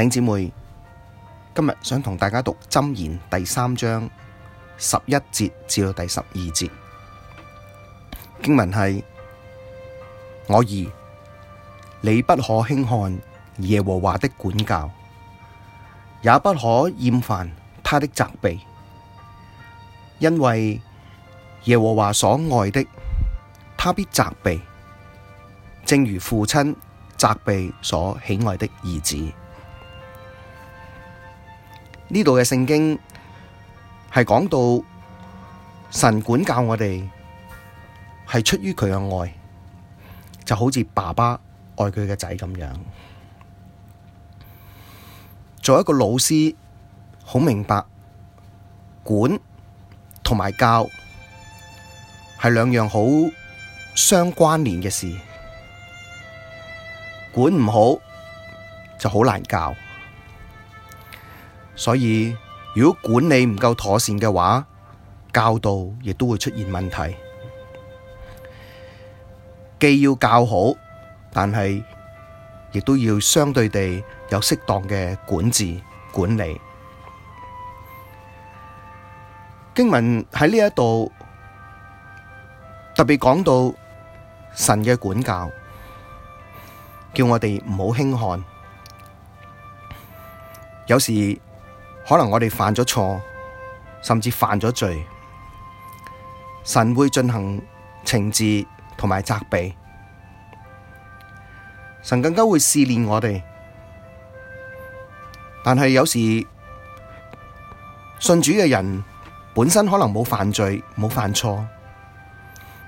弟兄姊妹，今日想同大家讀《箴言》第三章十一節至到第十二節。經文係：我兒，你不可輕看耶和華的管教，也不可厭煩他的責備，因為耶和華所愛的，他必責備，正如父親責備所喜愛的兒子。呢度嘅聖經係講到神管教我哋係出於佢嘅愛，就好似爸爸愛佢嘅仔咁樣。做一個老師，好明白管同埋教係兩樣好相關聯嘅事，管唔好就好難教。所以，如果管理唔夠妥善嘅話，教導亦都會出現問題。既要教好，但係亦都要相對地有適當嘅管治、管理。經文喺呢一度特別講到神嘅管教，叫我哋唔好輕看，有時。可能我哋犯咗錯，甚至犯咗罪，神會進行懲治同埋責備，神更加會試煉我哋。但係有時信主嘅人本身可能冇犯罪冇犯錯，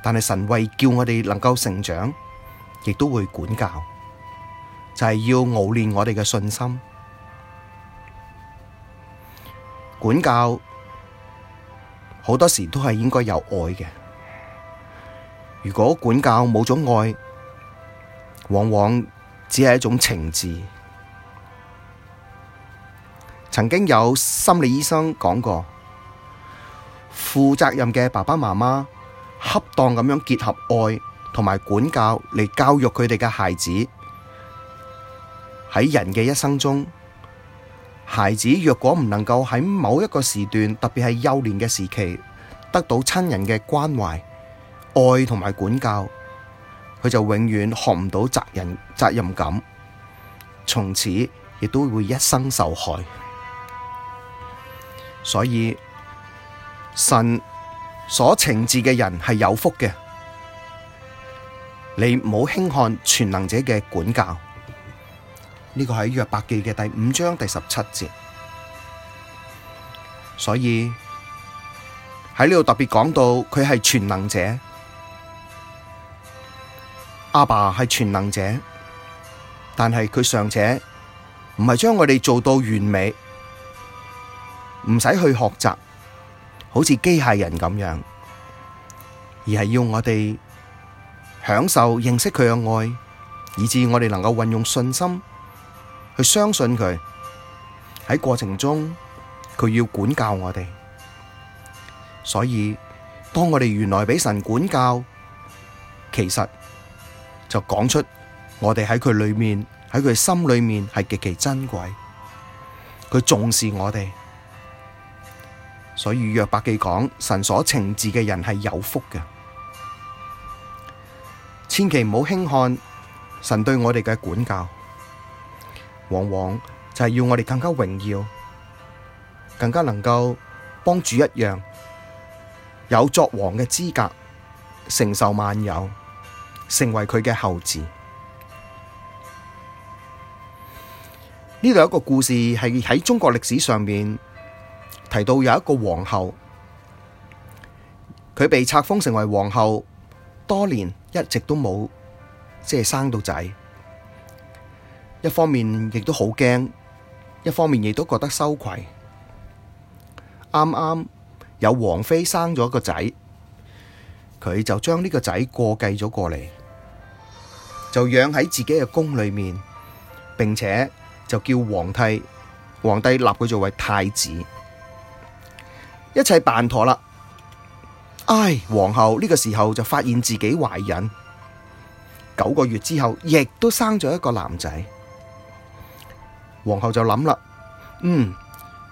但係神為叫我哋能夠成長，亦都會管教，就係要磨練我哋嘅信心。管教好多時都係應該有愛嘅，如果管教冇咗愛，往往只係一種情志。曾經有心理醫生講過，負責任嘅爸爸媽媽恰當咁樣結合愛同埋管教嚟教育佢哋嘅孩子，喺人嘅一生中，孩子若果唔能夠喺某一個時段，特別係幼年嘅時期，得到親人嘅關懷、愛同埋管教，佢就永遠學唔到責任責任感，從此亦都會一生受害。所以神所懲治嘅人係有福嘅，你唔好輕看全能者嘅管教。呢個係約伯記嘅第五章第十七節，所以喺呢度特別講到佢係全能者，阿爸係全能者，但係佢尚且唔係將我哋做到完美，唔使去學習，好似機械人咁樣，而係要我哋享受認識佢嘅愛，以致我哋能夠運用信心。佢相信佢喺過程中，佢要管教我哋，所以當我哋原來俾神管教，其實就講出我哋喺佢裏面，喺佢心裏面係極其珍貴，佢重視我哋。所以約伯記講，神所懲治嘅人係有福嘅，千祈唔好輕看神對我哋嘅管教。往往就係要我哋更加榮耀，更加能夠幫主一樣有作王嘅資格，承受萬有，成為佢嘅後子。呢度有一個故事係喺中國歷史上面提到，有一個皇后，佢被冊封成為皇后，多年一直都冇，即係生到仔。一方面亦都好驚，一方面亦都覺得羞愧。啱啱有王妃生咗個仔，佢就將呢個仔過繼咗過嚟，就養喺自己嘅宮裏面，並且就叫皇帝，皇帝立佢做為太子。一切辦妥啦。唉，皇后呢個時候就發現自己懷孕，九個月之後亦都生咗一個男仔。皇后就諗啦，嗯，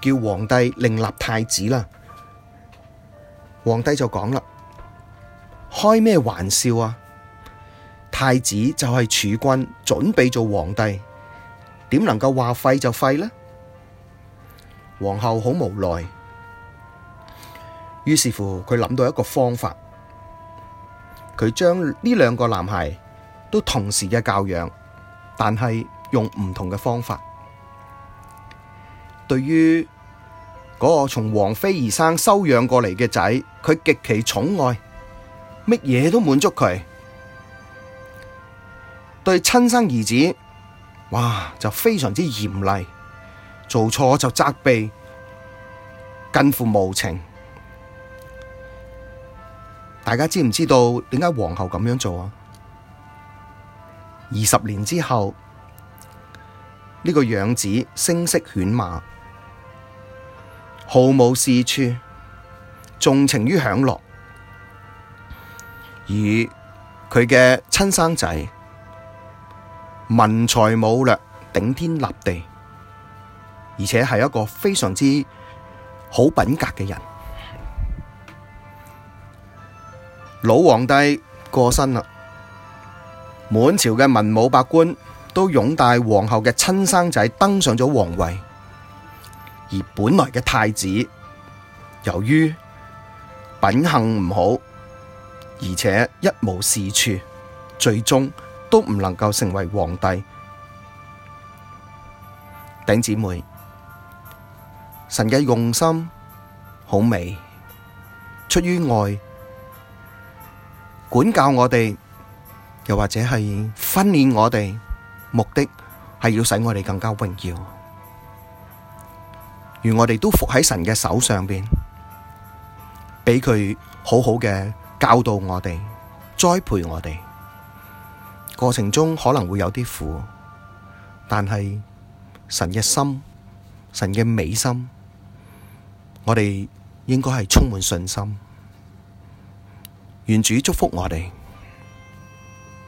叫皇帝另立太子啦。皇帝就講啦，「開咩玩笑啊？太子就係儲君，準備做皇帝，點能夠話廢就廢呢？」皇后好無奈，於是乎佢諗到一個方法，佢將呢兩個男孩都同時嘅教養，但係用唔同嘅方法。對於嗰個從王妃而生、收養過嚟嘅仔，佢極其寵愛，乜嘢都滿足佢；對親生兒子，哇就非常之嚴厲，做錯就責備，近乎無情。大家知唔知道點解皇后咁樣做啊？二十年之後，呢、呢個養子聲色犬馬。毫無是處，縱情於享樂，而佢嘅親生仔文才武略，頂天立地，而且係一個非常之好品格嘅人。老皇帝過身啦，滿朝嘅文武百官都擁戴皇后嘅親生仔登上咗皇位。而本來嘅太子，由於品行唔好，而且一無是處，最終都唔能夠成為皇帝。頂姊妹，神嘅用心好美，出於愛管教我哋，又或者係訓練我哋，目的係要使我哋更加榮耀。如果我哋都伏喺神嘅手上邊，畀佢好好嘅教導我哋，栽培我哋，過程中可能會有啲苦，但係神嘅心，神嘅美心，我哋應該係充滿信心。願主祝福我哋。